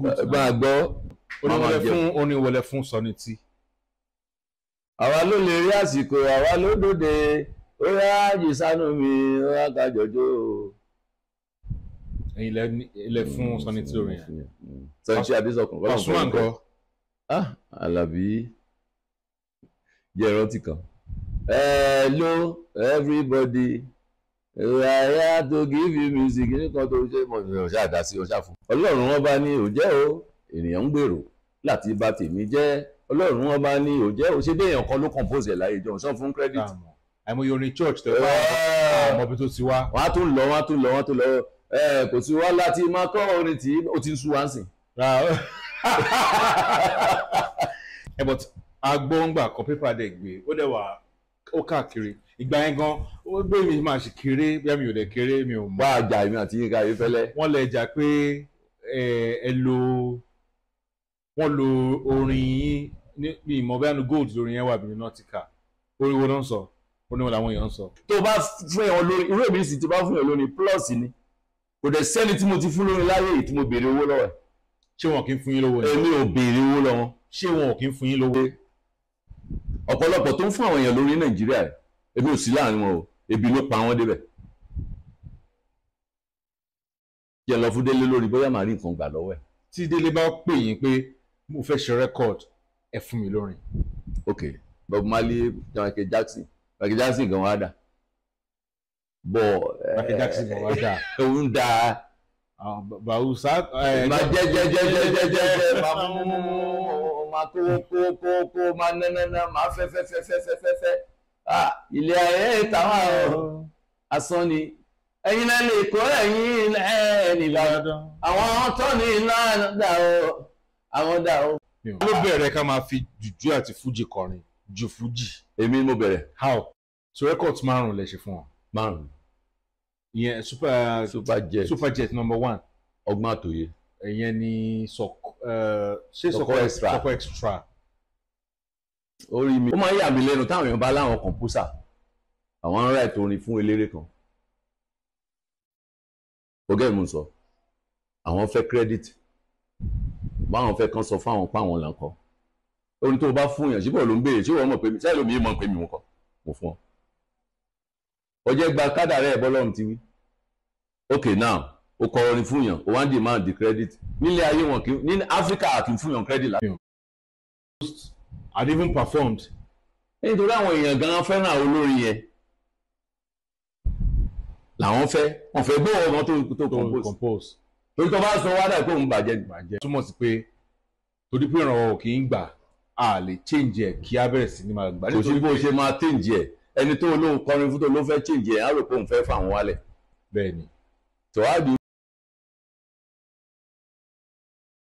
gbà gbọ́. oníwọlé fún oníwọlé fún sọni tí. àwa ló lè rí àsìkò àwa ló dòde ó yá jìsánú mi ó yá ká jọjọ o. ẹ̀yin ilẹ̀ fún mm, sọni tí orin yẹn. sọni tí adésọkùn kọ́ ló ń bọ̀ Ah, Alabi. jẹ́ ìrántí kan. hello everybody ìràyà tó give you music nìkan tó ṣe mọ̀ ní ọ̀ṣà àdásí ọ̀ṣà fún. ọlọ́run wọn bá ní òjẹ́ o ènìyàn ń gbèrò láti bà tèmi jẹ́ ọlọ́run wọn bá ní òjẹ́ o ṣé déèyàn kan ló compose ẹ̀ láyé jọ ṣán fún credit. àìmọye orin church tẹ wá ọmọ bí tó ti wá. wọn á tún lọ wọn á tún lọ wọn á tún lọ kò sí wá láti máa kọ orin tí ó ti ń sú wá sìn. ẹ bọ̀ agbóǹgbà kan pépà dẹ̀ gbé ó dẹ̀ wà ó káàkiri ìgbà yẹn gan ó gbé mi máa ṣe kéré bí mi ò dẹ̀ kéré mi ò mọ̀. bá a jà èmi àti Yínká Ayéfẹ́lẹ́. wọ́n lè jà pé ẹ lo wọ́n lo orin yín ní ìmọ̀ bẹ́ẹ̀ ni gold lórin yẹn wà bí nautica orin wo ló ń sọ orin wo làwọn èèyàn ń sọ. tó o bá fún èèyàn lórí irú èmi sì ti bá fún èèyàn lórí plus ni kò dẹ̀ sẹ́ni tí mo ti fún lórí láyé yìí tí mo béèrè owó lọ́wọ́ ẹ̀. ṣé wọn kì í fún yín lówó ni. èmi ò béèrè owó lọ́wọ́. ṣé wọn kì í fún yín lówó ọ̀pọ̀lọpọ̀ tó ń fún àwọn èèyàn lórí nàìjíríà ebi ò sí láàrin wọn o ebi ló pa wọn débẹ̀ jẹ́ lọ fún délé lórí bóyá màá rí nǹkan gbà lọ́wọ́ ẹ̀. tí délé bá pè yín pé mo fẹ́ ṣe record ẹ fún mi lórin. ok Bob Marley Michael Jackson Michael Jackson gan wa dà bọ eh, Michael Jackson gan wa dà òun dà ah, bàwùsà. Eh, má jẹ́ jẹ́ jẹ́ jẹ́ jẹ́ jẹ́ má mú mú mú máa kówó kówó kówó kówó máa nánánà máa fẹ́ fẹ́ fẹ́ fẹ́ fẹ́ fẹ́ fẹ́ ilé ayé táwọn àrùn asán ni ẹ̀yin náà lè kó ẹ̀yin nìlànà àwọn tó ní ìlànà dà àwọn dà ó. ló bẹ̀rẹ̀ ká máa fi jùjú àti fújì kọrin ju fújì. èmi mo bẹ̀rẹ̀. how so record márùn-ún lè ṣe fún wọn. márùn ìyẹn super super jet super jet number one. ọgbọ́n àtòyè. ìyẹn ni sọk ṣé sọkọ extra sọkọ extra. orí mi ó máa ń yà mí lẹ́nu táwọn èèyàn bá láwọn kọ̀ǹpúsà àwọn ará ètò orin fún eléré kan ọgẹ́ mi sọ àwọn fẹ́ credit báwọn fẹ́ kán sọ fáwọn páwọn là ń kọ́ orin tó o bá fún yàn síbọ̀ ló ń béèrè síbọ̀ mọ̀ pé mi sáyẹ̀ lómi yìí mọ̀ pé mi mọ̀ kọ́ mo fún ọ ọjẹ́ gba kádàrá ẹ̀ bọ́lọ́run ti wí okay now o kọrin fún yàn o wá ń demand the credit nílé ayé wọn kì ní Africa kì í fún yàn credit láti. and even performed. nítorí àwọn èèyàn gan-an fẹ́ràn olórin yẹn làwọn fẹ́ wọn fẹ́ gbọ́ ọmọ tó compose torí tó bá sọ wádà pé òun bàjẹ́ bàjẹ́. túmọ̀ sí pé torí pé ìrànwọ́ kì í gbà a lè change ẹ̀ kí a bẹ̀rẹ̀ sí ni máa gbà. kò sí bó ṣe máa change ẹ̀ ẹni tó olóhùn kọrin fún tó ló fẹ́ change ẹ̀ á rò pé òun fẹ́ fà wọ́n wálẹ̀. bẹ́ẹ̀ni. tọ́wádìí